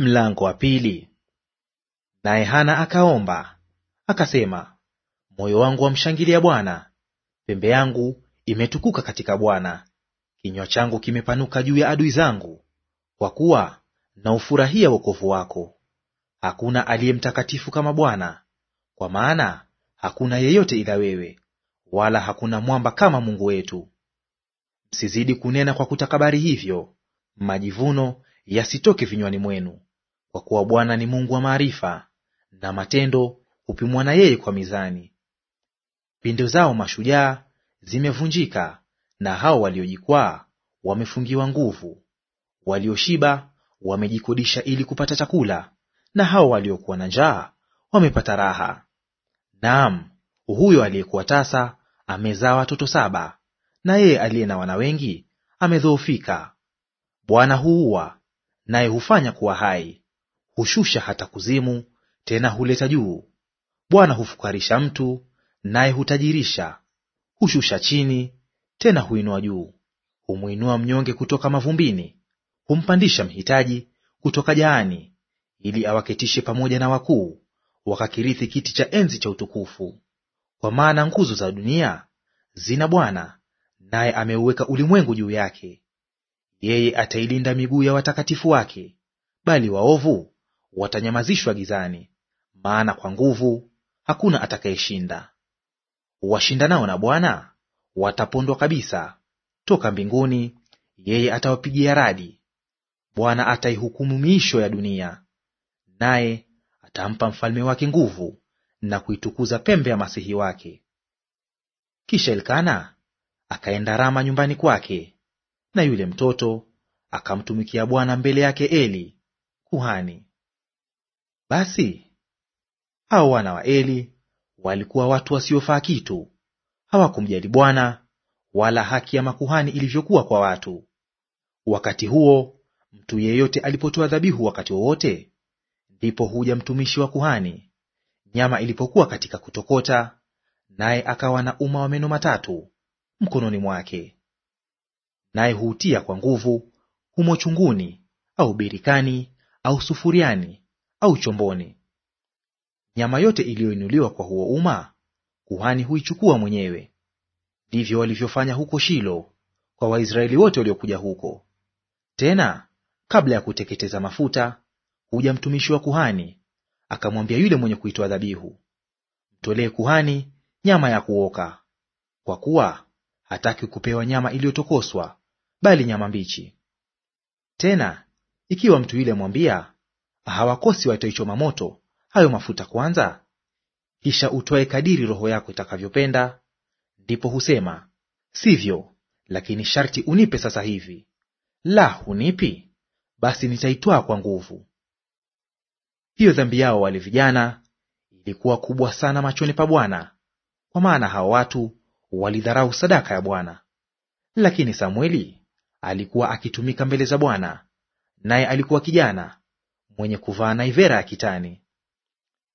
Mlango wa pili. Naye Hana akaomba akasema, moyo wangu wamshangilia Bwana, pembe yangu imetukuka katika Bwana. Kinywa changu kimepanuka juu ya adui zangu, kwa kuwa naufurahia wokovu wako. Hakuna aliye mtakatifu kama Bwana, kwa maana hakuna yeyote ila wewe, wala hakuna mwamba kama Mungu wetu. Msizidi kunena kwa kutakabari hivyo, majivuno yasitoke vinywani mwenu. Kwa kuwa Bwana ni Mungu wa maarifa, na matendo hupimwa na yeye kwa mizani. Pindo zao mashujaa zimevunjika, na hao waliojikwaa wamefungiwa nguvu. Walioshiba wamejikodisha ili kupata chakula, na hao waliokuwa na njaa wamepata raha. Naam, huyo aliyekuwa tasa amezaa watoto saba, na yeye aliye na wana wengi amedhoofika. Bwana huua, naye hufanya kuwa hai, Hushusha hata kuzimu, tena huleta juu. Bwana hufukarisha mtu, naye hutajirisha. Hushusha chini, tena huinua juu. Humwinua mnyonge kutoka mavumbini, humpandisha mhitaji kutoka jaani, ili awaketishe pamoja na wakuu, wakakirithi kiti cha enzi cha utukufu. Kwa maana nguzo za dunia zina Bwana, naye ameuweka ulimwengu juu yake. Yeye atailinda miguu ya watakatifu wake, bali waovu watanyamazishwa gizani, maana kwa nguvu hakuna atakayeshinda. Washindanao na Bwana watapondwa kabisa; toka mbinguni yeye atawapigia radi. Bwana ataihukumu miisho ya dunia, naye atampa mfalme wake nguvu na kuitukuza pembe ya masihi wake. Kisha Elkana akaenda Rama nyumbani kwake, na yule mtoto akamtumikia Bwana mbele yake Eli kuhani. Basi hao wana wa Eli walikuwa watu wasiofaa kitu, hawakumjali Bwana wala haki ya makuhani ilivyokuwa kwa watu. Wakati huo mtu yeyote alipotoa dhabihu wakati wowote, ndipo huja mtumishi wa kuhani, nyama ilipokuwa katika kutokota, naye akawa na uma wa meno matatu mkononi mwake, naye huutia kwa nguvu humo chunguni au birikani au sufuriani au chomboni. Nyama yote iliyoinuliwa kwa huo uma kuhani huichukua mwenyewe. Ndivyo walivyofanya huko Shilo kwa Waisraeli wote waliokuja huko. Tena kabla ya kuteketeza mafuta, huja mtumishi wa kuhani akamwambia yule mwenye kuitoa dhabihu, mtolee kuhani nyama ya kuoka, kwa kuwa hataki kupewa nyama iliyotokoswa, bali nyama mbichi. Tena ikiwa mtu yule mwambia hawakosi wataichoma moto hayo mafuta kwanza, kisha utwae kadiri roho yako itakavyopenda. Ndipo husema sivyo, lakini sharti unipe sasa hivi; la hunipi, basi nitaitwaa kwa nguvu. Hiyo dhambi yao wale vijana ilikuwa kubwa sana machoni pa Bwana, kwa maana hao watu walidharau sadaka ya Bwana. Lakini Samueli alikuwa akitumika mbele za Bwana, naye alikuwa kijana mwenye kuvaa naivera ya kitani.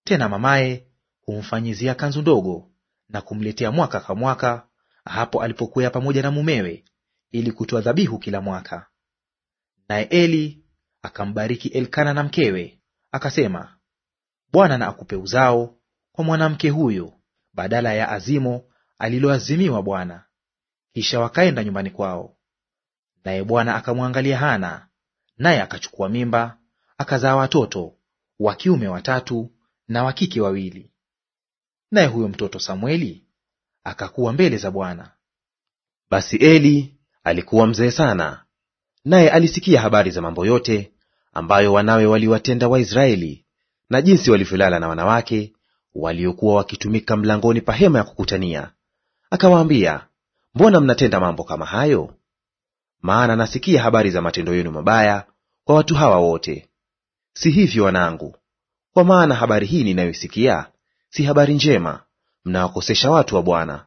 Tena mamaye humfanyizia kanzu ndogo na kumletea mwaka kwa mwaka hapo alipokuwa pamoja na mumewe ili kutoa dhabihu kila mwaka. Naye Eli akambariki Elkana na mkewe, akasema, Bwana na akupe uzao kwa mwanamke huyu badala ya azimo aliloazimiwa Bwana. Kisha wakaenda nyumbani kwao. Naye Bwana akamwangalia Hana, naye akachukua mimba, akazaa watoto wa kiume watatu na wa kike wawili. Naye huyo mtoto Samueli akakuwa mbele za Bwana. Basi Eli alikuwa mzee sana, naye alisikia habari za mambo yote ambayo wanawe waliwatenda Waisraeli na jinsi walivyolala na wanawake waliokuwa wakitumika mlangoni pa hema ya kukutania. Akawaambia, mbona mnatenda mambo kama hayo? Maana nasikia habari za matendo yenu mabaya kwa watu hawa wote. Si hivyo wanangu, kwa maana habari hii ninayoisikia si habari njema; mnawakosesha watu wa Bwana.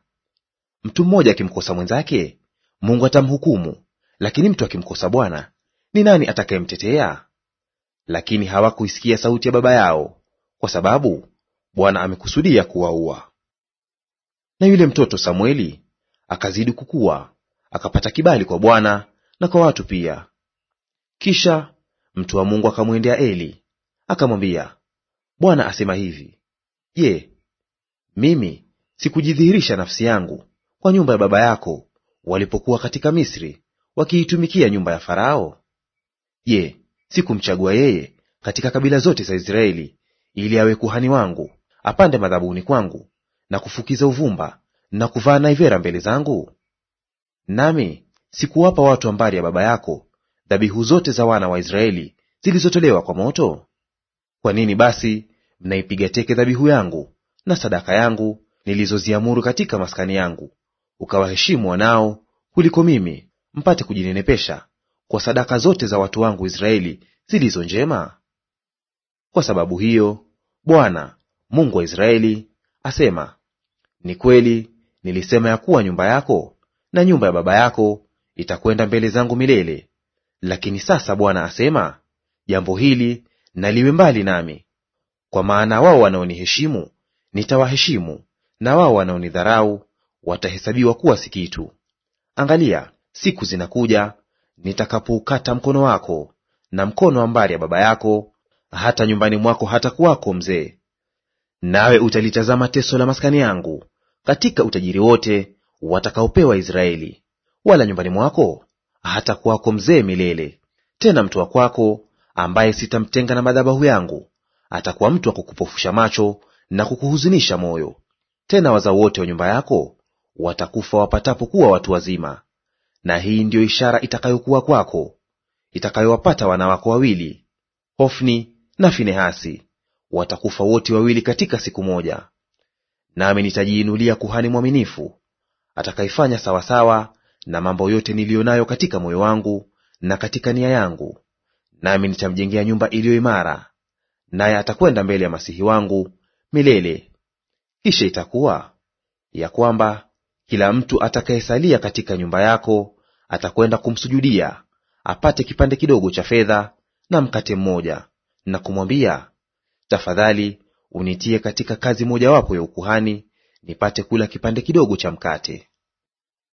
Mtu mmoja akimkosa mwenzake, Mungu atamhukumu; lakini mtu akimkosa Bwana, ni nani atakayemtetea? Lakini hawakuisikia sauti ya baba yao, kwa sababu Bwana amekusudia kuwaua. Na yule mtoto Samueli akazidi kukua, akapata kibali kwa Bwana na kwa watu pia. Kisha Mtu wa Mungu akamwendea Eli akamwambia, Bwana asema hivi, Je, mimi sikujidhihirisha nafsi yangu kwa nyumba ya baba yako walipokuwa katika Misri wakiitumikia nyumba ya Farao? Je, sikumchagua yeye katika kabila zote za Israeli ili awe kuhani wangu, apande madhabuni kwangu na kufukiza uvumba na kuvaa naivera mbele zangu? Nami sikuwapa watu ambari ya baba yako dhabihu zote za wana wa Israeli zilizotolewa kwa moto? Kwa nini basi mnaipiga teke dhabihu yangu na sadaka yangu nilizoziamuru katika maskani yangu, ukawaheshimu wanao kuliko mimi, mpate kujinenepesha kwa sadaka zote za watu wangu Israeli zilizo njema? Kwa sababu hiyo Bwana Mungu wa Israeli asema, ni kweli nilisema ya kuwa nyumba yako na nyumba ya baba yako itakwenda mbele zangu milele lakini sasa Bwana asema, jambo hili na liwe mbali nami, kwa maana wao wanaoniheshimu nitawaheshimu, na wao wanaonidharau watahesabiwa kuwa si kitu. Angalia, siku zinakuja nitakapoukata mkono wako na mkono wa mbari ya baba yako, hata nyumbani mwako hatakuwako mzee. Nawe utalitazama teso la maskani yangu katika utajiri wote watakaopewa Israeli, wala nyumbani mwako hata kuwako mzee milele. Tena mtu kwako ambaye sitamtenga na madhabahu yangu atakuwa mtu wa kukupofusha macho na kukuhuzunisha moyo. Tena wazao wote wa nyumba yako watakufa wapatapo kuwa watu wazima. Na hii ndiyo ishara itakayokuwa kwako itakayowapata wana wako wawili, Hofni na Finehasi; watakufa wote wawili katika siku moja. Nami nitajiinulia kuhani mwaminifu atakayefanya sawasawa na mambo yote niliyo nayo katika moyo wangu na katika nia yangu, nami nitamjengea nyumba iliyo imara, naye atakwenda mbele ya masihi wangu milele. Kisha itakuwa ya kwamba kila mtu atakayesalia katika nyumba yako atakwenda kumsujudia, apate kipande kidogo cha fedha na mkate mmoja, na kumwambia, tafadhali unitie katika kazi mojawapo ya ukuhani, nipate kula kipande kidogo cha mkate.